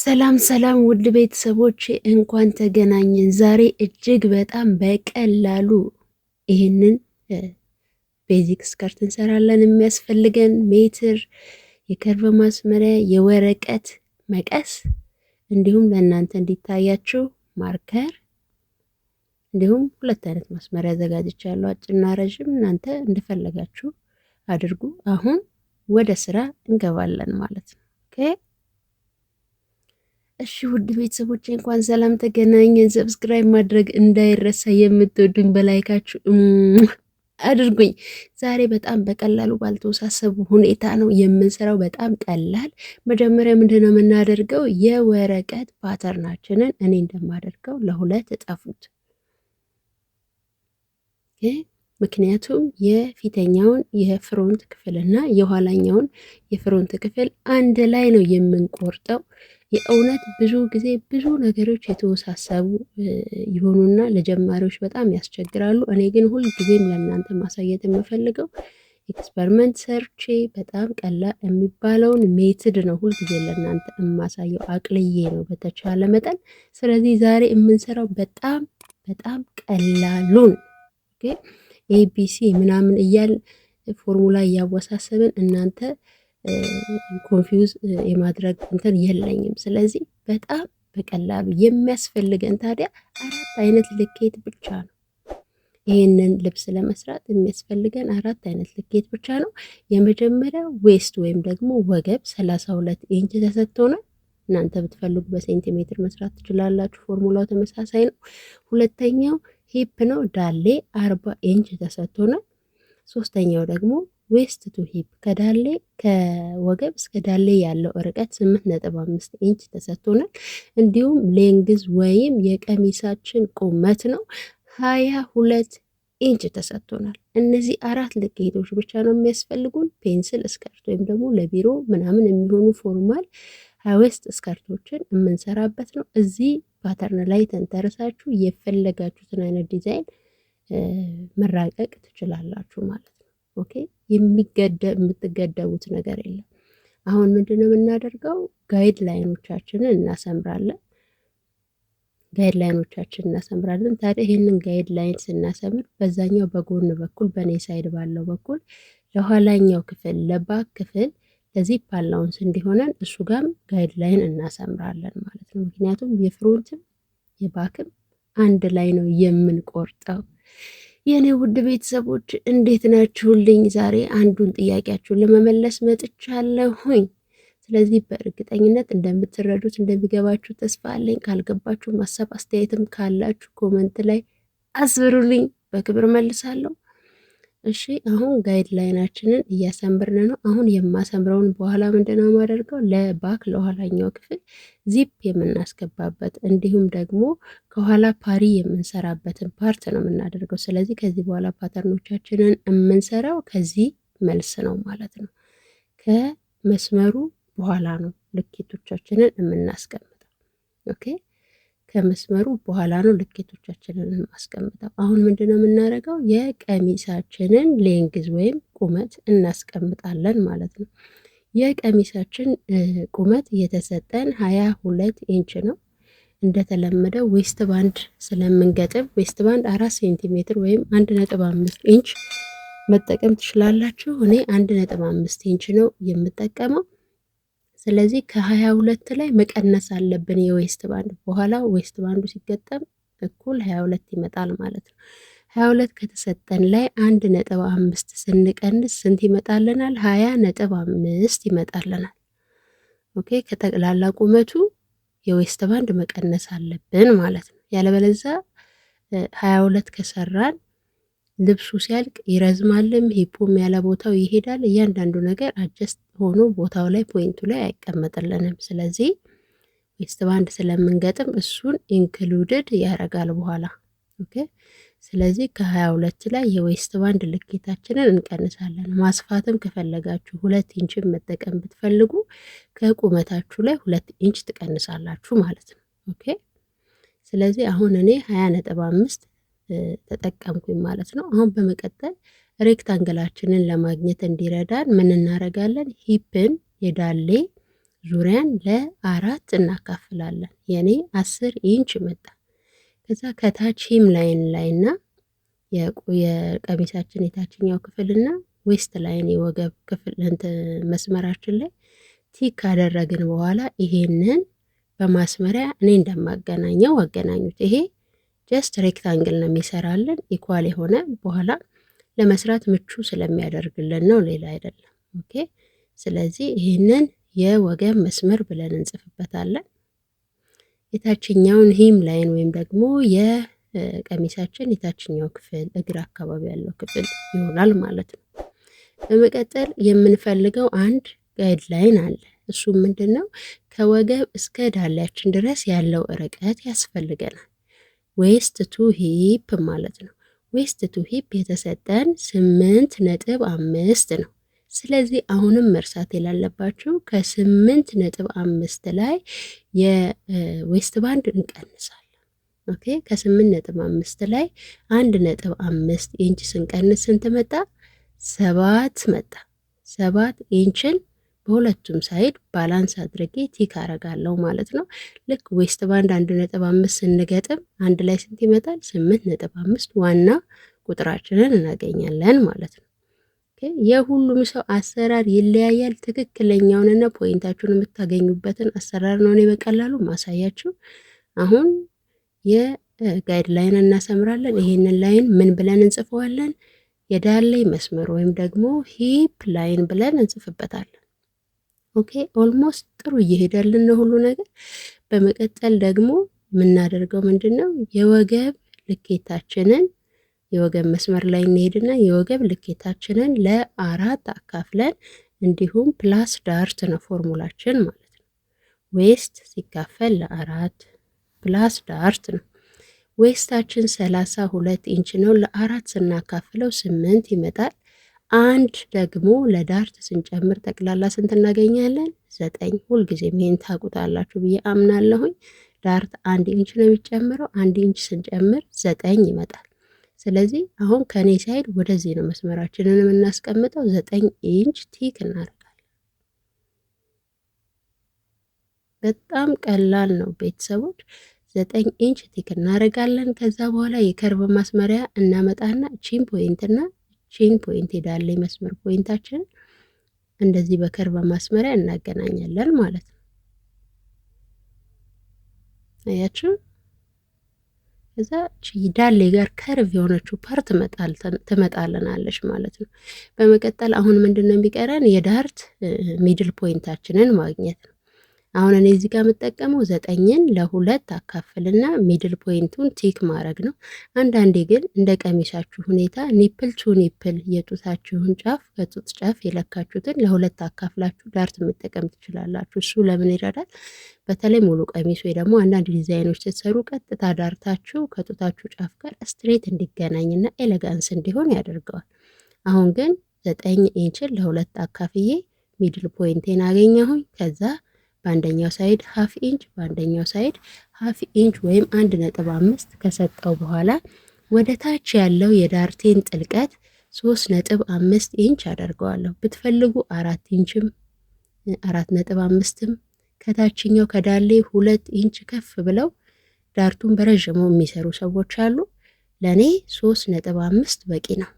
ሰላም ሰላም ውድ ቤተሰቦች እንኳን ተገናኘን። ዛሬ እጅግ በጣም በቀላሉ ይህንን ቤዚክ ስከርት እንሰራለን። የሚያስፈልገን ሜትር፣ የከርቭ ማስመሪያ፣ የወረቀት መቀስ እንዲሁም ለእናንተ እንዲታያችሁ ማርከር እንዲሁም ሁለት አይነት ማስመሪያ አዘጋጅቻለሁ፣ አጭርና ረዥም። እናንተ እንደፈለጋችሁ አድርጉ። አሁን ወደ ስራ እንገባለን ማለት ነው። ኦኬ እሺ ውድ ቤተሰቦች እንኳን ሰላም ተገናኘን። ሰብስክራይብ ማድረግ እንዳይረሳ፣ የምትወዱኝ በላይካችሁ አድርጉኝ። ዛሬ በጣም በቀላሉ ባልተወሳሰቡ ሁኔታ ነው የምንሰራው። በጣም ቀላል። መጀመሪያ ምንድነው የምናደርገው? የወረቀት ፓተርናችንን እኔ እንደማደርገው ለሁለት እጠፉት። ምክንያቱም የፊተኛውን የፍሮንት ክፍልና የኋላኛውን የፍሮንት ክፍል አንድ ላይ ነው የምንቆርጠው። የእውነት ብዙ ጊዜ ብዙ ነገሮች የተወሳሰቡ ይሆኑና ለጀማሪዎች በጣም ያስቸግራሉ። እኔ ግን ሁል ጊዜም ለእናንተ ማሳየት የምፈልገው ኤክስፐሪመንት ሰርቼ በጣም ቀላል የሚባለውን ሜትድ ነው ሁል ጊዜ ለእናንተ የማሳየው አቅልዬ ነው በተቻለ መጠን። ስለዚህ ዛሬ የምንሰራው በጣም በጣም ቀላሉን ኤቢሲ ምናምን እያል ፎርሙላ እያወሳሰብን እናንተ ኮንፊውዝ የማድረግ እንትን የለኝም። ስለዚህ በጣም በቀላሉ የሚያስፈልገን ታዲያ አራት አይነት ልኬት ብቻ ነው። ይህንን ልብስ ለመስራት የሚያስፈልገን አራት አይነት ልኬት ብቻ ነው። የመጀመሪያው ዌስት ወይም ደግሞ ወገብ ሰላሳ ሁለት ኢንች ተሰጥቶናል። እናንተ ብትፈልጉ በሴንቲሜትር መስራት ትችላላችሁ። ፎርሙላው ተመሳሳይ ነው። ሁለተኛው ሂፕ ነው። ዳሌ አርባ ኢንች ተሰጥቶናል። ሶስተኛው ደግሞ ዌስት ቱ ሂፕ ከዳሌ ከወገብ እስከ ዳሌ ያለው ርቀት አምስት ኢንች ተሰጥቶናል። እንዲሁም ሌንግዝ ወይም የቀሚሳችን ቁመት ነው ሁለት ኢንች ተሰጥቶናል። እነዚህ አራት ልኬቶች ብቻ ነው የሚያስፈልጉን። ፔንስል እስከርት ወይም ደግሞ ለቢሮ ምናምን የሚሆኑ ፎርማል ዌስት እስከርቶችን የምንሰራበት ነው። እዚህ ፓተርን ላይ ተንተርሳችሁ የፈለጋችሁትን አይነት ዲዛይን መራቀቅ ትችላላችሁ ማለት ነው። ኦኬ የምትገደቡት ነገር የለም። አሁን ምንድን ነው የምናደርገው? ጋይድላይኖቻችንን እናሰምራለን። ጋይድ እናሰምራለን። ታዲያ ይህንን ጋይድላይን ስናሰምር በዛኛው በጎን በኩል በኔሳይድ ሳይድ ባለው በኩል ለኋላኛው ክፍል ለባክ ክፍል ለዚህ ፓላውንስ እንዲሆነን እሱ ጋም ጋይድላይን እናሰምራለን ማለት ነው። ምክንያቱም የፍሮንትም የባክም አንድ ላይ ነው የምንቆርጠው። የእኔ ውድ ቤተሰቦች እንዴት ናችሁልኝ? ዛሬ አንዱን ጥያቄያችሁን ለመመለስ መጥቻለሁኝ። ስለዚህ በእርግጠኝነት እንደምትረዱት እንደሚገባችሁ ተስፋ አለኝ። ካልገባችሁ ማሰብ አስተያየትም ካላችሁ ኮመንት ላይ አስብሩልኝ፣ በክብር መልሳለሁ። እሺ አሁን ጋይድ ላይናችንን እያሰምርን ነው። አሁን የማሰምረውን በኋላ ምንድነው የማደርገው ለባክ ለኋላኛው ክፍል ዚፕ የምናስገባበት እንዲሁም ደግሞ ከኋላ ፓሪ የምንሰራበትን ፓርት ነው የምናደርገው። ስለዚህ ከዚህ በኋላ ፓተርኖቻችንን የምንሰራው ከዚህ መልስ ነው ማለት ነው። ከመስመሩ በኋላ ነው ልኬቶቻችንን የምናስቀምጠው። ኦኬ ከመስመሩ በኋላ ነው ልኬቶቻችንን የማስቀምጠው። አሁን ምንድነው የምናደርገው? የቀሚሳችንን ሌንግዝ ወይም ቁመት እናስቀምጣለን ማለት ነው። የቀሚሳችን ቁመት የተሰጠን ሀያ ሁለት ኢንች ነው። እንደተለመደው ዌስት ባንድ ስለምንገጥም ዌስት ባንድ አራት ሴንቲሜትር ወይም አንድ ነጥብ አምስት ኢንች መጠቀም ትችላላችሁ። እኔ አንድ ነጥብ አምስት ኢንች ነው የምጠቀመው። ስለዚህ ከሀያ ሁለት ላይ መቀነስ አለብን የዌስት ባንድ በኋላ ዌስት ባንዱ ሲገጠም እኩል ሀያ ሁለት ይመጣል ማለት ነው። ሀያ ሁለት ከተሰጠን ላይ አንድ ነጥብ አምስት ስንቀንስ ስንት ይመጣልናል? ሀያ ነጥብ አምስት ይመጣልናል። ኦኬ ከጠቅላላ ቁመቱ የዌስት ባንድ መቀነስ አለብን ማለት ነው። ያለበለዛ ሀያ ሁለት ከሰራን ልብሱ ሲያልቅ ይረዝማልም፣ ሂፖም ያለ ቦታው ይሄዳል። እያንዳንዱ ነገር አጀስት ሆኖ ቦታው ላይ ፖይንቱ ላይ አይቀመጥልንም። ስለዚህ ዌስት ባንድ ስለምንገጥም እሱን ኢንክሉድድ ያደርጋል በኋላ ኦኬ። ስለዚህ ከሀያ ሁለት ላይ የዌስት ባንድ ልኬታችንን እንቀንሳለን። ማስፋትም ከፈለጋችሁ ሁለት ኢንችን መጠቀም ብትፈልጉ ከቁመታችሁ ላይ ሁለት ኢንች ትቀንሳላችሁ ማለት ነው ኦኬ። ስለዚህ አሁን እኔ ሀያ ነጥብ አምስት ተጠቀምኩኝ ማለት ነው። አሁን በመቀጠል ሬክታንግላችንን ለማግኘት እንዲረዳን ምን እናደርጋለን? ሂፕን የዳሌ ዙሪያን ለአራት እናካፍላለን። የኔ አስር ኢንች መጣ። ከዛ ከታች ሂም ላይን ላይና የቀሚሳችን የታችኛው ክፍልና ዌስት ላይን የወገብ ክፍል መስመራችን ላይ ቲክ ካደረግን በኋላ ይሄንን በማስመሪያ እኔ እንደማገናኘው አገናኙት ይሄ ጀስት ሬክታንግል ነው የሚሰራልን። ኢኳል የሆነ በኋላ ለመስራት ምቹ ስለሚያደርግልን ነው፣ ሌላ አይደለም። ኦኬ። ስለዚህ ይህንን የወገብ መስመር ብለን እንጽፍበታለን። የታችኛውን ሂም ላይን ወይም ደግሞ የቀሚሳችን የታችኛው ክፍል እግር አካባቢ ያለው ክፍል ይሆናል ማለት ነው። በመቀጠል የምንፈልገው አንድ ጋይድ ላይን አለ። እሱ ምንድን ነው? ከወገብ እስከ ዳላያችን ድረስ ያለው ርቀት ያስፈልገናል። ዌስት ቱ ሂፕ ማለት ነው። ዌስት ቱ ሂፕ የተሰጠን ስምንት ነጥብ አምስት ነው። ስለዚህ አሁንም መርሳት የላለባችሁ ከስምንት ነጥብ አምስት ላይ የዌስት ባንድ እንቀንሳለን። ኦኬ ከስምንት ነጥብ አምስት ላይ አንድ ነጥብ አምስት ኢንች ስንቀንስ ስንት መጣ? ሰባት መጣ። ሰባት ኢንችን በሁለቱም ሳይድ ባላንስ አድርጌ ቲክ አረጋለሁ ማለት ነው። ልክ ዌስት ባንድ አንድ ነጥብ አምስት ስንገጥም አንድ ላይ ስንት ይመጣል? ስምንት ነጥብ አምስት ዋና ቁጥራችንን እናገኛለን ማለት ነው። የሁሉም ሰው አሰራር ይለያያል። ትክክለኛውንና ፖይንታችሁን የምታገኙበትን አሰራር ነው እኔ በቀላሉ ማሳያችሁ። አሁን የጋይድ ላይን እናሰምራለን። ይሄንን ላይን ምን ብለን እንጽፈዋለን? የዳሌ መስመር ወይም ደግሞ ሂፕ ላይን ብለን እንጽፍበታለን። ኦኬ ኦልሞስት ጥሩ እየሄዳልን ነው ሁሉ ነገር። በመቀጠል ደግሞ የምናደርገው ምንድን ነው የወገብ ልኬታችንን የወገብ መስመር ላይ እንሄድና የወገብ ልኬታችንን ለአራት አካፍለን እንዲሁም ፕላስ ዳርት ነው ፎርሙላችን ማለት ነው። ዌስት ሲካፈል ለአራት ፕላስ ዳርት ነው። ዌስታችን ሰላሳ ሁለት ኢንች ነው። ለአራት ስናካፍለው ስምንት ይመጣል። አንድ ደግሞ ለዳርት ስንጨምር ጠቅላላ ስንት እናገኛለን? ዘጠኝ። ሁልጊዜም ይህን ታውቁታላችሁ ብዬ አምናለሁኝ። ዳርት አንድ ኢንች ነው የሚጨምረው። አንድ ኢንች ስንጨምር ዘጠኝ ይመጣል። ስለዚህ አሁን ከኔ ሳይድ ወደዚህ ነው መስመራችንን የምናስቀምጠው። ዘጠኝ ኢንች ቲክ እናደርጋለን። በጣም ቀላል ነው ቤተሰቦች። ዘጠኝ ኢንች ቲክ እናደርጋለን። ከዛ በኋላ የከርቭ ማስመሪያ እናመጣና ቺን ፖይንትና ቼን ፖይንት ሄዳለ መስመር ፖይንታችን እንደዚህ በከርቭ ማስመሪያ እናገናኛለን ማለት ነው። አያችሁ እዛ ዳሌ ጋር ከርቭ የሆነችው ፓር ትመጣልናለች ማለት ነው። በመቀጠል አሁን ምንድን ነው የሚቀረን የዳርት ሚድል ፖይንታችንን ማግኘት ነው። አሁን እኔ እዚህ ጋር የምጠቀመው ዘጠኝን ለሁለት አካፍልና ሚድል ፖይንቱን ቲክ ማድረግ ነው። አንዳንዴ ግን እንደ ቀሚሳችሁ ሁኔታ ኒፕል ቱ ኒፕል የጡታችሁን ጫፍ ከጡት ጫፍ የለካችሁትን ለሁለት አካፍላችሁ ዳርት መጠቀም ትችላላችሁ። እሱ ለምን ይረዳል? በተለይ ሙሉ ቀሚስ ወይ ደግሞ አንዳንድ ዲዛይኖች ስትሰሩ ቀጥታ ዳርታችሁ ከጡታችሁ ጫፍ ጋር ስትሬት እንዲገናኝና ኤሌጋንስ እንዲሆን ያደርገዋል። አሁን ግን ዘጠኝ ኢንችን ለሁለት አካፍዬ ሚድል ፖይንቴን አገኘሁኝ። ከዛ በአንደኛው ሳይድ ሀፍ ኢንች በአንደኛው ሳይድ ሀፍ ኢንች ወይም አንድ ነጥብ አምስት ከሰጠው በኋላ ወደ ታች ያለው የዳርቴን ጥልቀት ሶስት ነጥብ አምስት ኢንች አደርገዋለሁ። ብትፈልጉ አራት ኢንችም አራት ነጥብ አምስትም ከታችኛው ከዳሌ ሁለት ኢንች ከፍ ብለው ዳርቱን በረዥሙ የሚሰሩ ሰዎች አሉ። ለእኔ ሶስት ነጥብ አምስት በቂ ነው።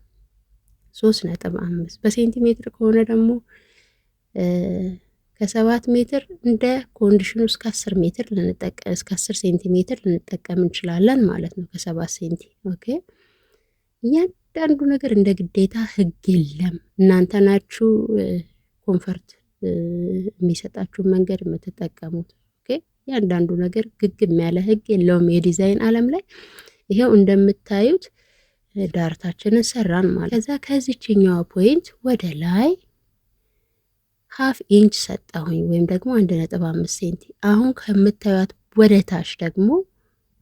ሶስት ነጥብ አምስት በሴንቲሜትር ከሆነ ደግሞ ከሰባት ሜትር እንደ ኮንዲሽኑ እስከ አስር ሜትር ልንጠቀም እስከ አስር ሴንቲሜትር ልንጠቀም እንችላለን ማለት ነው። ከሰባት ሴንቲ ኦኬ። እያንዳንዱ ነገር እንደ ግዴታ ህግ የለም። እናንተ ናችሁ ኮንፈርት የሚሰጣችሁን መንገድ የምትጠቀሙት። ኦኬ። እያንዳንዱ ነገር ግግም ያለ ህግ የለውም የዲዛይን አለም ላይ። ይሄው እንደምታዩት ዳርታችንን ሰራን ማለት ከዛ ከዚችኛዋ ፖይንት ወደ ላይ ሀፍ ኢንች ሰጠሁኝ ወይም ደግሞ አንድ ነጥብ አምስት ሴንቲ። አሁን ከምታዩት ወደ ታች ደግሞ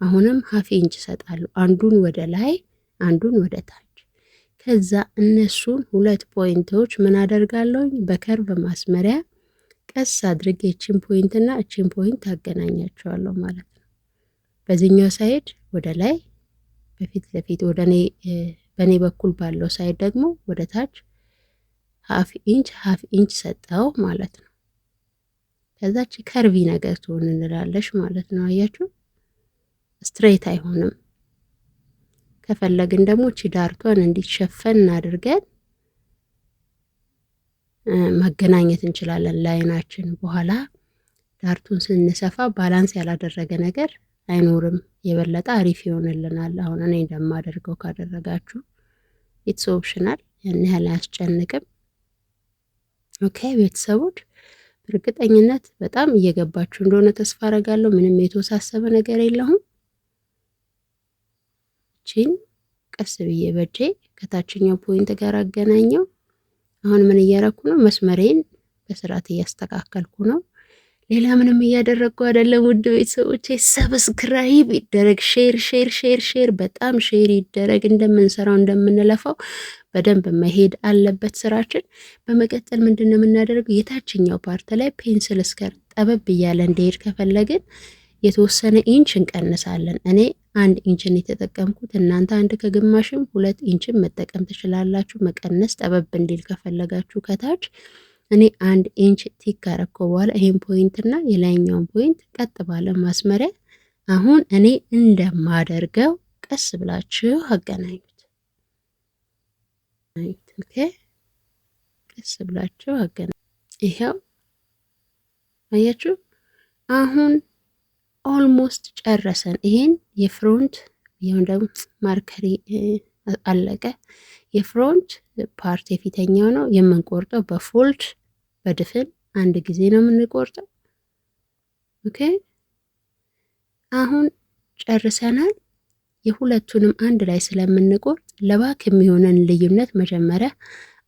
አሁንም ሀፍ ኢንች ሰጣሉ። አንዱን ወደ ላይ፣ አንዱን ወደ ታች። ከዛ እነሱን ሁለት ፖይንቶች ምን አደርጋለሁኝ በከርቭ ማስመሪያ ቀስ አድርጌ እችን ፖይንት እና እችን ፖይንት አገናኛቸዋለሁ ማለት ነው። በዚህኛው ሳይድ ወደ ላይ በፊት ለፊት ወደ እኔ በእኔ በኩል ባለው ሳይድ ደግሞ ወደ ታች ሀፍ ኢንች ሀፍ ኢንች ሰጠው ማለት ነው። ከዛች ከርቪ ነገር ትሆን እንላለሽ ማለት ነው። አያችሁ ስትሬት አይሆንም። ከፈለግን ደግሞ ችዳርቷን እንዲሸፈን አድርገን ማገናኘት እንችላለን ለአይናችን። በኋላ ዳርቱን ስንሰፋ ባላንስ ያላደረገ ነገር አይኖርም። የበለጠ አሪፍ ይሆንልናል። አሁን እኔ እንደማደርገው ካደረጋችሁ ኢትስ ኦፕሽናል፣ ያን ያህል አያስጨንቅም። ቤተሰቦች በእርግጠኝነት በጣም እየገባችሁ እንደሆነ ተስፋ አረጋለሁ። ምንም የተወሳሰበ ነገር የለውም። እቺን ቀስ ብዬ በጄ ከታችኛው ፖይንት ጋር አገናኘው። አሁን ምን እያረኩ ነው? መስመሬን በስርዓት እያስተካከልኩ ነው። ሌላ ምንም እያደረግኩ አይደለም። ውድ ቤተሰቦቼ ሰብስክራይብ ይደረግ፣ ሼር ሼር ሼር ሼር በጣም ሼር ይደረግ። እንደምንሰራው እንደምንለፋው በደንብ መሄድ አለበት ስራችን። በመቀጠል ምንድን ነው የምናደርገው? የታችኛው ፓርት ላይ ፔንስል እስከር ጠበብ እያለ እንዲሄድ ከፈለግን የተወሰነ ኢንች እንቀንሳለን። እኔ አንድ ኢንችን የተጠቀምኩት እናንተ አንድ ከግማሽም ሁለት ኢንችን መጠቀም ትችላላችሁ። መቀነስ ጠበብ እንዲል ከፈለጋችሁ ከታች እኔ አንድ ኢንች ቲክ ካረኮ በኋላ ይሄን ፖይንት እና የላይኛውን ፖይንት ቀጥ ባለ ማስመሪያ አሁን እኔ እንደማደርገው ቀስ ብላችሁ አገናኙት። ኦኬ፣ ቀስ ብላችሁ አገናኙት። ይሄው አያችሁ። አሁን ኦልሞስት ጨረሰን። ይሄን የፍሮንት ይሁን ደግሞ ማርከሪ አለቀ። የፍሮንት ፓርት የፊተኛው ነው የምንቆርጠው በፎልድ በድፍን አንድ ጊዜ ነው የምንቆርጠው። ኦኬ አሁን ጨርሰናል። የሁለቱንም አንድ ላይ ስለምንቆርጥ ለባክ የሚሆነን ልዩነት መጀመሪያ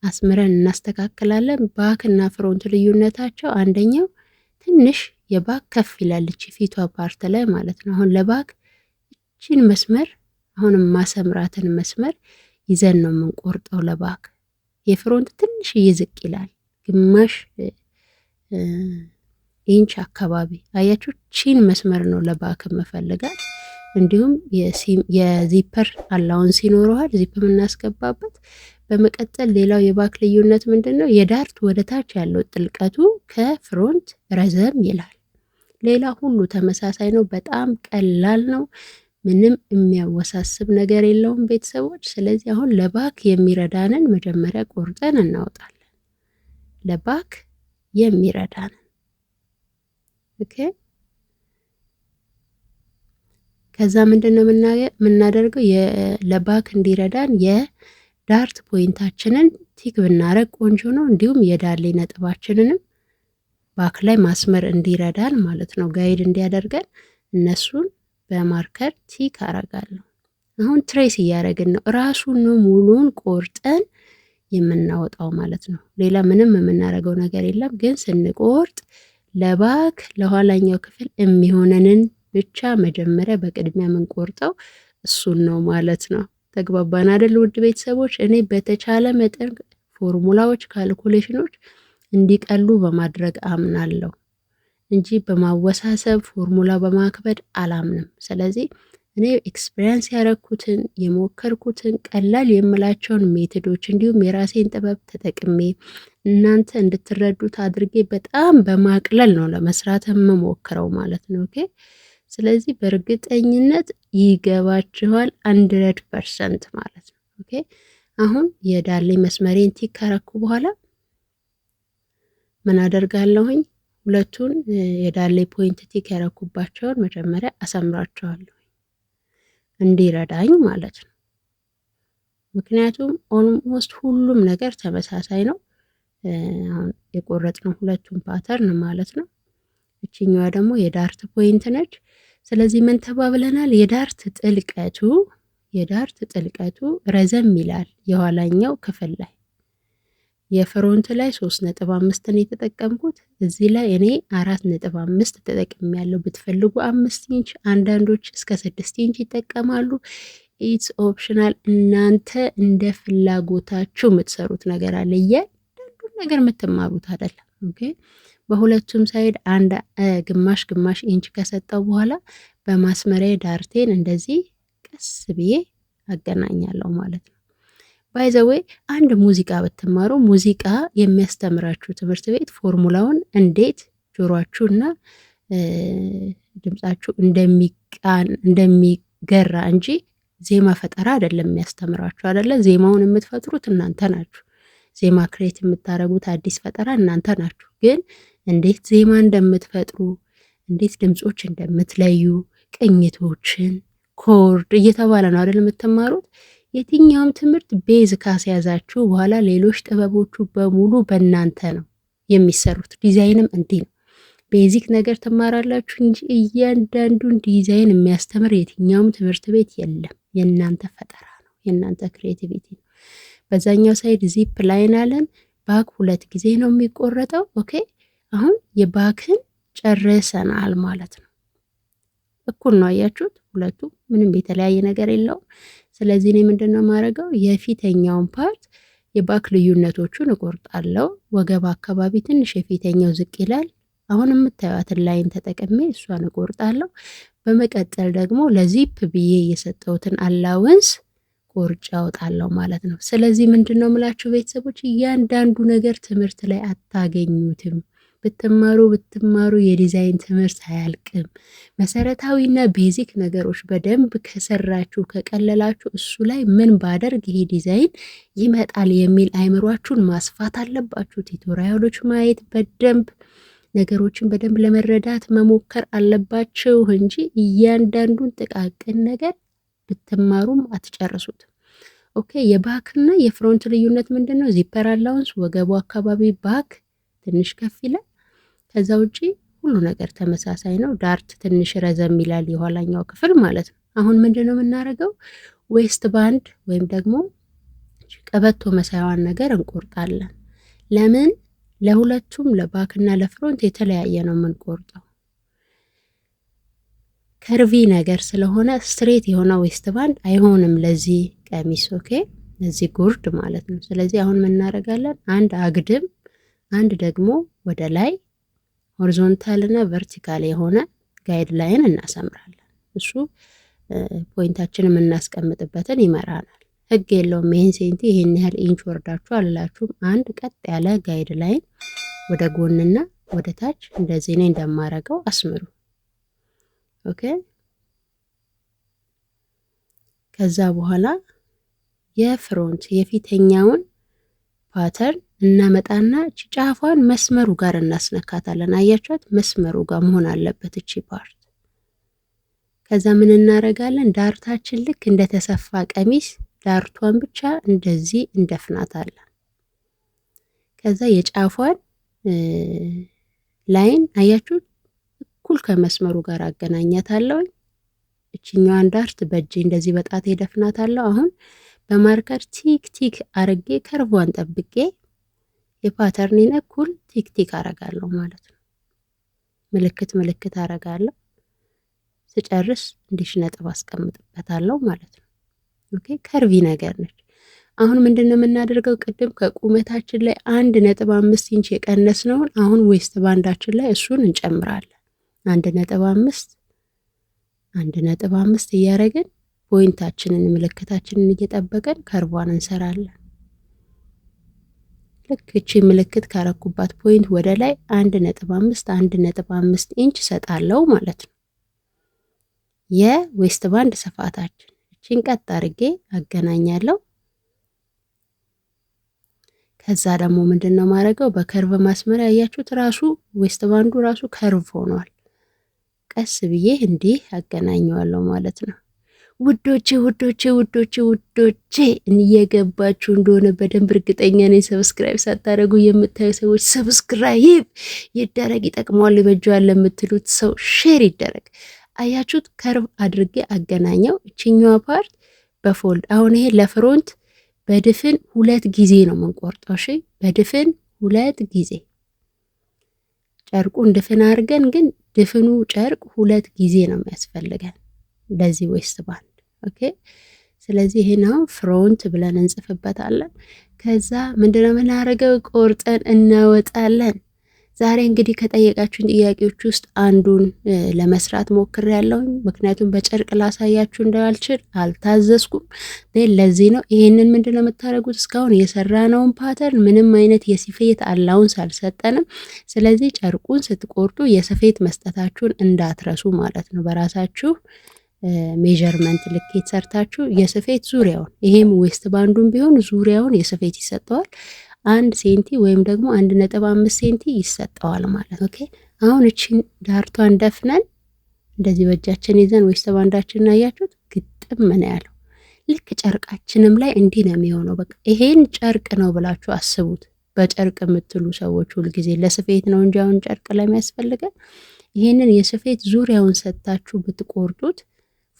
አስምረን እናስተካክላለን። ባክ እና ፍሮንት ልዩነታቸው አንደኛው ትንሽ የባክ ከፍ ይላለች ፊቷ ፓርት ላይ ማለት ነው። አሁን ለባክ እቺን መስመር አሁንም ማሰምራትን መስመር ይዘን ነው የምንቆርጠው ለባክ። የፍሮንት ትንሽ ይዝቅ ይላል። ግማሽ ኢንች አካባቢ አያችሁ፣ ቺን መስመር ነው ለባክ መፈልጋል። እንዲሁም የዚፐር አላውንስ ይኖረዋል፣ ዚፕ የምናስገባበት። በመቀጠል ሌላው የባክ ልዩነት ምንድን ነው? የዳርት ወደ ታች ያለው ጥልቀቱ ከፍሮንት ረዘም ይላል። ሌላ ሁሉ ተመሳሳይ ነው። በጣም ቀላል ነው። ምንም የሚያወሳስብ ነገር የለውም ቤተሰቦች። ስለዚህ አሁን ለባክ የሚረዳንን መጀመሪያ ቆርጠን እናውጣል። ለባክ የሚረዳን ኦኬ። ከዛ ምንድን ነው የምናደርገው? ለባክ እንዲረዳን የዳርት ፖይንታችንን ቲክ ብናረግ ቆንጆ ነው። እንዲሁም የዳሌ ነጥባችንንም ባክ ላይ ማስመር እንዲረዳን ማለት ነው፣ ጋይድ እንዲያደርገን እነሱን በማርከር ቲክ አረጋለሁ። አሁን ትሬስ እያደረግን ነው። ራሱን ሙሉን ቆርጠን የምናወጣው ማለት ነው። ሌላ ምንም የምናደርገው ነገር የለም። ግን ስንቆርጥ ለባክ ለኋላኛው ክፍል የሚሆነንን ብቻ መጀመሪያ በቅድሚያ የምንቆርጠው እሱን ነው ማለት ነው። ተግባባን አደል? ውድ ቤተሰቦች እኔ በተቻለ መጠን ፎርሙላዎች፣ ካልኩሌሽኖች እንዲቀሉ በማድረግ አምናለሁ እንጂ በማወሳሰብ ፎርሙላ በማክበድ አላምንም። ስለዚህ እኔ ኤክስፔሪንስ ያረኩትን የሞከርኩትን ቀላል የምላቸውን ሜቶዶች እንዲሁም የራሴን ጥበብ ተጠቅሜ እናንተ እንድትረዱት አድርጌ በጣም በማቅለል ነው ለመስራት የምሞክረው ማለት ነው። ኦኬ ስለዚህ በእርግጠኝነት ይገባችኋል፣ አንድረድ ፐርሰንት ማለት ነው። ኦኬ አሁን የዳሌ መስመሬን ቲክ ካረኩ በኋላ ምን አደርጋለሁኝ? ሁለቱን የዳሌ ፖይንት ቲክ ያረኩባቸውን መጀመሪያ አሳምራቸዋለሁ። እንዲረዳኝ ማለት ነው። ምክንያቱም ኦልሞስት ሁሉም ነገር ተመሳሳይ ነው። አሁን የቆረጥነው ሁለቱም ፓተርን ማለት ነው። እችኛዋ ደግሞ የዳርት ፖይንት ነች። ስለዚህ ምን ተባብለናል? የዳርት ጥልቀቱ የዳርት ጥልቀቱ ረዘም ይላል የኋላኛው ክፍል ላይ የፍሮንት ላይ ሶስት ነጥብ አምስት ነው የተጠቀምኩት። እዚህ ላይ እኔ አራት ነጥብ አምስት ተጠቅም ያለው ብትፈልጉ አምስት ኢንች አንዳንዶች እስከ ስድስት ኢንች ይጠቀማሉ። ኢትስ ኦፕሽናል። እናንተ እንደ ፍላጎታችሁ የምትሰሩት ነገር አለ። እያንዳንዱን ነገር የምትማሩት አይደለም። ኦኬ በሁለቱም ሳይድ አንድ ግማሽ ግማሽ ኢንች ከሰጠው በኋላ በማስመሪያ ዳርቴን እንደዚህ ቀስ ብዬ አገናኛለሁ ማለት ነው። ባይዘዌይ አንድ ሙዚቃ ብትማሩ ሙዚቃ የሚያስተምራችሁ ትምህርት ቤት ፎርሙላውን እንዴት ጆሯችሁና ድምጻችሁ እንደሚቃን እንደሚገራ እንጂ ዜማ ፈጠራ አይደለም የሚያስተምራችሁ አይደለ። ዜማውን የምትፈጥሩት እናንተ ናችሁ። ዜማ ክሬት የምታደርጉት አዲስ ፈጠራ እናንተ ናችሁ። ግን እንዴት ዜማ እንደምትፈጥሩ እንዴት ድምፆች እንደምትለዩ ቅኝቶችን ኮርድ እየተባለ ነው አይደል የምትማሩት። የትኛውም ትምህርት ቤዝ ካስያዛችሁ በኋላ ሌሎች ጥበቦቹ በሙሉ በእናንተ ነው የሚሰሩት። ዲዛይንም እንዲህ ነው። ቤዚክ ነገር ትማራላችሁ እንጂ እያንዳንዱን ዲዛይን የሚያስተምር የትኛውም ትምህርት ቤት የለም። የእናንተ ፈጠራ ነው፣ የእናንተ ክሬቲቪቲ ነው። በዛኛው ሳይድ ዚፕ ላይን አለን። ባክ ሁለት ጊዜ ነው የሚቆረጠው። ኦኬ አሁን የባክን ጨርሰናል ማለት ነው። እኩል ነው አያችሁት? ሁለቱ ምንም የተለያየ ነገር የለውም። ስለዚህ እኔ ምንድን ነው የማደርገው የፊተኛውን ፓርት የባክ ልዩነቶቹን እቆርጣለሁ። ወገብ አካባቢ ትንሽ የፊተኛው ዝቅ ይላል። አሁን የምታዩትን ላይን ተጠቅሜ እሷን እቆርጣለሁ። በመቀጠል ደግሞ ለዚፕ ብዬ የሰጠሁትን አላውንስ ቆርጬ አወጣለሁ ማለት ነው። ስለዚህ ምንድን ነው የምላችሁ ቤተሰቦች፣ እያንዳንዱ ነገር ትምህርት ላይ አታገኙትም። ብትማሩ ብትማሩ የዲዛይን ትምህርት አያልቅም። መሰረታዊና ቤዚክ ነገሮች በደንብ ከሰራችሁ ከቀለላችሁ እሱ ላይ ምን ባደርግ ይሄ ዲዛይን ይመጣል የሚል አይምሯችሁን ማስፋት አለባችሁ። ቲቶሪያሎች ማየት በደንብ ነገሮችን በደንብ ለመረዳት መሞከር አለባችሁ እንጂ እያንዳንዱን ጥቃቅን ነገር ብትማሩም አትጨርሱትም። ኦኬ የባክ የፍሮንት ልዩነት ምንድን ነው? ዚፐር አላውንስ ወገቡ አካባቢ ባክ ትንሽ ከፍ ይላል። ከዛ ውጪ ሁሉ ነገር ተመሳሳይ ነው። ዳርት ትንሽ ረዘም ይላል የኋላኛው ክፍል ማለት ነው። አሁን ምንድን ነው የምናደርገው? ዌስት ባንድ ወይም ደግሞ ቀበቶ መሳያዋን ነገር እንቆርጣለን። ለምን ለሁለቱም ለባክና ለፍሮንት የተለያየ ነው የምንቆርጠው። ከርቪ ነገር ስለሆነ ስትሬት የሆነ ዌስት ባንድ አይሆንም ለዚህ ቀሚስ ኦኬ፣ ለዚህ ጉርድ ማለት ነው። ስለዚህ አሁን ምናደርጋለን? አንድ አግድም፣ አንድ ደግሞ ወደ ላይ ሆሪዞንታል እና ቨርቲካል የሆነ ጋይድላይን እናሰምራለን። እሱ ፖይንታችን የምናስቀምጥበትን ይመራናል። ህግ የለውም። ይህን ሴንቲ ይህን ያህል ኢንች ወርዳችሁ አላችሁም። አንድ ቀጥ ያለ ጋይድላይን ወደ ጎንና ወደ ታች እንደዚህ እኔ እንደማረገው አስምሩ። ኦኬ። ከዛ በኋላ የፍሮንት የፊተኛውን ፓተርን እናመጣና ጫፏን መስመሩ ጋር እናስነካታለን። አያችኋት? መስመሩ ጋር መሆን አለበት እቺ ፓርት። ከዛ ምን እናረጋለን? ዳርታችን ልክ እንደተሰፋ ቀሚስ ዳርቷን ብቻ እንደዚህ እንደፍናታለን። ከዛ የጫፏን ላይን አያችሁ እኩል ከመስመሩ ጋር አገናኛታለሁ። እችኛዋን ዳርት በእጅ እንደዚህ በጣት የደፍናታለሁ። አሁን በማርከር ቲክ ቲክ አርጌ ከርቧን ጠብቄ የፓተርኒን እኩል ቲክቲክ አረጋለሁ ማለት ነው። ምልክት ምልክት አረጋለሁ። ስጨርስ እንዲሽ ነጥብ አስቀምጥበታለሁ ማለት ነው። ኦኬ ከርቪ ነገር ነች። አሁን ምንድን ነው የምናደርገው? ቅድም ከቁመታችን ላይ አንድ ነጥብ አምስት ኢንች የቀነስ ነውን አሁን ዌስት ባንዳችን ላይ እሱን እንጨምራለን። አንድ ነጥብ አምስት አንድ ነጥብ አምስት እያደረግን ፖይንታችንን ምልክታችንን እየጠበቀን ከርቧን እንሰራለን። ልክ እቺ ምልክት ካረኩባት ፖይንት ወደ ላይ አንድ ነጥብ አምስት አንድ ነጥብ አምስት ኢንች ሰጣለው ማለት ነው። የዌስት ባንድ ስፋታችን እቺን ቀጥ አርጌ አገናኛለሁ። ከዛ ደግሞ ምንድን ነው ማድረገው በከርቭ ማስመሪያ ያያችሁት ራሱ ዌስት ባንዱ ራሱ ከርቭ ሆኗል። ቀስ ብዬ እንዲህ አገናኘዋለሁ ማለት ነው። ውዶቼ ውዶቼ ውዶቼ ውዶቼ እየገባችሁ እንደሆነ በደንብ እርግጠኛ ነኝ። ሰብስክራይብ ሳታደርጉ የምታዩ ሰዎች ሰብስክራይብ ይደረግ፣ ይጠቅመዋል፣ ይበጀዋል ለምትሉት ሰው ሼር ይደረግ። አያችሁት? ከርብ አድርጌ አገናኘው። እችኛዋ ፓርት በፎልድ አሁን ይሄ ለፍሮንት በድፍን ሁለት ጊዜ ነው የምንቆርጠው። እሺ፣ በድፍን ሁለት ጊዜ ጨርቁን ድፍን አድርገን ግን ድፍኑ ጨርቅ ሁለት ጊዜ ነው የሚያስፈልገን። ለዚህ ዌስት ባንድ ኦኬ። ስለዚህ ይሄን አሁን ፍሮንት ብለን እንጽፍበታለን። ከዛ ምንድነው የምናደርገው? ቆርጠን እናወጣለን። ዛሬ እንግዲህ ከጠየቃችሁን ጥያቄዎች ውስጥ አንዱን ለመስራት ሞክር ያለውኝ ምክንያቱም በጨርቅ ላሳያችሁ እንዳልችል አልታዘዝኩም። ለዚህ ነው። ይሄንን ምንድን ነው የምታደርጉት? እስካሁን የሰራነውን ፓተርን ምንም አይነት የስፌት አላውንስ አልሰጠንም። ስለዚህ ጨርቁን ስትቆርጡ የስፌት መስጠታችሁን እንዳትረሱ ማለት ነው በራሳችሁ ሜዠርመንት ልኬት ሰርታችሁ የስፌት ዙሪያውን ይሄም ዌስት ባንዱን ቢሆን ዙሪያውን የስፌት ይሰጠዋል። አንድ ሴንቲ ወይም ደግሞ አንድ ነጥብ አምስት ሴንቲ ይሰጠዋል ማለት ኦኬ። አሁን እቺን ዳርቷን ደፍነን እንደዚህ በእጃችን ይዘን ዌስት ባንዳችንን አያችሁት፣ ግጥም ምን ያለው ልክ ጨርቃችንም ላይ እንዲህ ነው የሚሆነው። በቃ ይሄን ጨርቅ ነው ብላችሁ አስቡት። በጨርቅ የምትሉ ሰዎች ሁልጊዜ ለስፌት ነው እንጂ አሁን ጨርቅ ላይ ይሄንን የስፌት ዙሪያውን ሰጥታችሁ ብትቆርጡት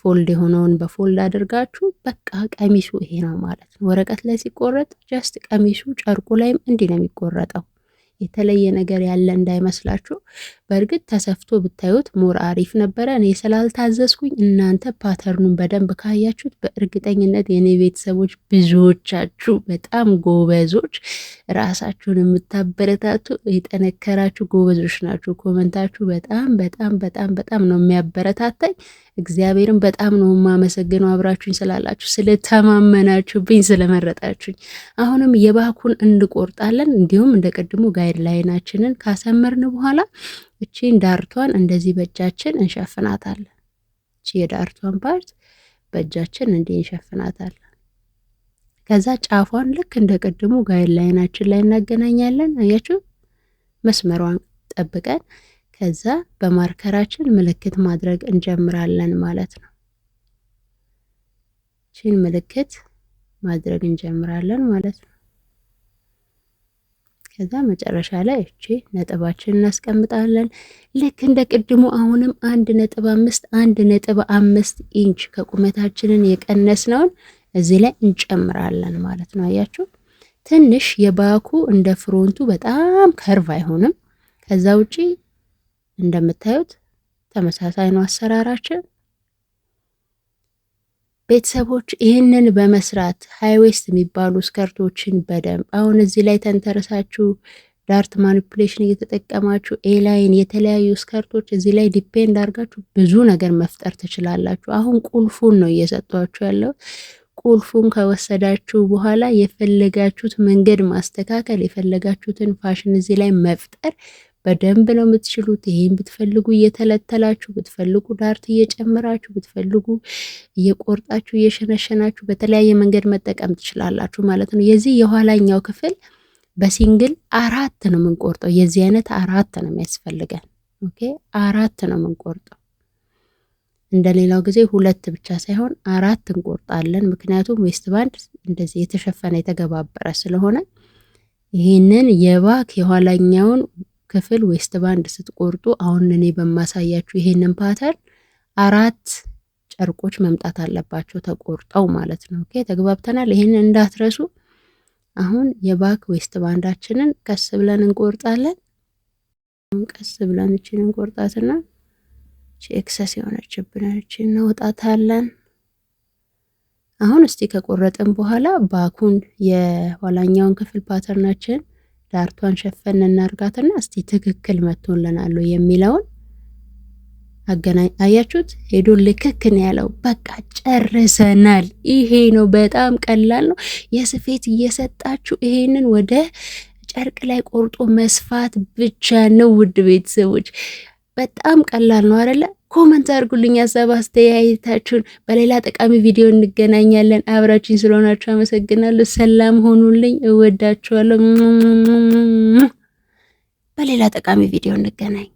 ፎልድ የሆነውን በፎልድ አድርጋችሁ በቃ ቀሚሱ ይሄ ነው ማለት ነው። ወረቀት ላይ ሲቆረጥ ጀስት ቀሚሱ ጨርቁ ላይም እንዲህ ነው የሚቆረጠው። የተለየ ነገር ያለ እንዳይመስላችሁ። በእርግጥ ተሰፍቶ ብታዩት ሞር አሪፍ ነበረ። እኔ ስላልታዘዝኩኝ እናንተ ፓተርኑን በደንብ ካያችሁት በእርግጠኝነት የእኔ ቤተሰቦች ብዙዎቻችሁ በጣም ጎበዞች፣ ራሳችሁን የምታበረታቱ የጠነከራችሁ ጎበዞች ናችሁ። ኮመንታችሁ በጣም በጣም በጣም በጣም ነው የሚያበረታታኝ። እግዚአብሔርን በጣም ነው የማመሰግነው አብራችሁኝ ስላላችሁ፣ ስለተማመናችሁብኝ፣ ስለመረጣችሁኝ። አሁንም የባኩን እንቆርጣለን። እንዲሁም እንደ ቅድሙ ጋይድ ላይናችንን ካሰመርን በኋላ እቺን ዳርቷን እንደዚህ በእጃችን እንሸፍናታለን። እቺ የዳርቷን ፓርት በእጃችን እንዲህ እንሸፍናታለን። ከዛ ጫፏን ልክ እንደ ቅድሙ ጋይድ ላይናችን ላይ እናገናኛለን። አያችሁ መስመሯን ጠብቀን ከዛ በማርከራችን ምልክት ማድረግ እንጀምራለን ማለት ነው። ቺን ምልክት ማድረግ እንጀምራለን ማለት ነው። ከዛ መጨረሻ ላይ እቺ ነጥባችን እናስቀምጣለን። ልክ እንደ ቅድሙ አሁንም አንድ ነጥብ አምስት አንድ ነጥብ አምስት ኢንች ከቁመታችንን የቀነስነውን እዚህ ላይ እንጨምራለን ማለት ነው። አያችሁ ትንሽ የባኩ እንደ ፍሮንቱ በጣም ከርቭ አይሆንም። ከዛ ውጪ እንደምታዩት ተመሳሳይ ነው አሰራራችን። ቤተሰቦች ይህንን በመስራት ሃይዌስት የሚባሉ ስከርቶችን በደንብ አሁን እዚህ ላይ ተንተረሳችሁ ዳርት ማኒፕሌሽን እየተጠቀማችሁ ኤላይን የተለያዩ ስከርቶች እዚህ ላይ ዲፔንድ አድርጋችሁ ብዙ ነገር መፍጠር ትችላላችሁ። አሁን ቁልፉን ነው እየሰጧችሁ ያለው። ቁልፉን ከወሰዳችሁ በኋላ የፈለጋችሁት መንገድ ማስተካከል፣ የፈለጋችሁትን ፋሽን እዚህ ላይ መፍጠር በደንብ ነው የምትችሉት። ይሄን ብትፈልጉ እየተለተላችሁ ብትፈልጉ ዳርት እየጨመራችሁ ብትፈልጉ እየቆርጣችሁ እየሸነሸናችሁ በተለያየ መንገድ መጠቀም ትችላላችሁ ማለት ነው። የዚህ የኋላኛው ክፍል በሲንግል አራት ነው የምንቆርጠው። የዚህ አይነት አራት ነው የሚያስፈልገን። ኦኬ አራት ነው የምንቆርጠው። እንደሌላው ጊዜ ሁለት ብቻ ሳይሆን አራት እንቆርጣለን። ምክንያቱም ዌስት ባንድ እንደዚህ የተሸፈነ የተገባበረ ስለሆነ ይህንን የባክ የኋላኛውን ክፍል ዌስት ባንድ ስትቆርጡ አሁን እኔ በማሳያችሁ ይሄንን ፓተርን አራት ጨርቆች መምጣት አለባቸው ተቆርጠው ማለት ነው። ኦኬ ተግባብተናል። ይሄንን እንዳትረሱ። አሁን የባክ ዌስት ባንዳችንን ቀስ ብለን እንቆርጣለን። ቀስ ብለን እችን እንቆርጣትና ኤክሰስ የሆነችብንን እችን እናውጣታለን። አሁን እስቲ ከቆረጥን በኋላ ባኩን የኋላኛውን ክፍል ፓተርናችን ዳርቷን ሸፈን እናርጋትና እስቲ ትክክል መቶልናል የሚለውን አገናኝ። አያችሁት? ሄዶ ልክክ ነው ያለው። በቃ ጨርሰናል። ይሄ ነው። በጣም ቀላል ነው። የስፌት እየሰጣችሁ ይሄንን ወደ ጨርቅ ላይ ቆርጦ መስፋት ብቻ ነው። ውድ ቤተሰቦች በጣም ቀላል ነው አይደለ? ኮመንት አድርጉልኝ ሀሳብ አስተያየታችሁን። በሌላ ጠቃሚ ቪዲዮ እንገናኛለን። አብራችን ስለሆናችሁ አመሰግናለሁ። ሰላም ሆኑልኝ። እወዳችኋለሁ። በሌላ ጠቃሚ ቪዲዮ እንገናኝ።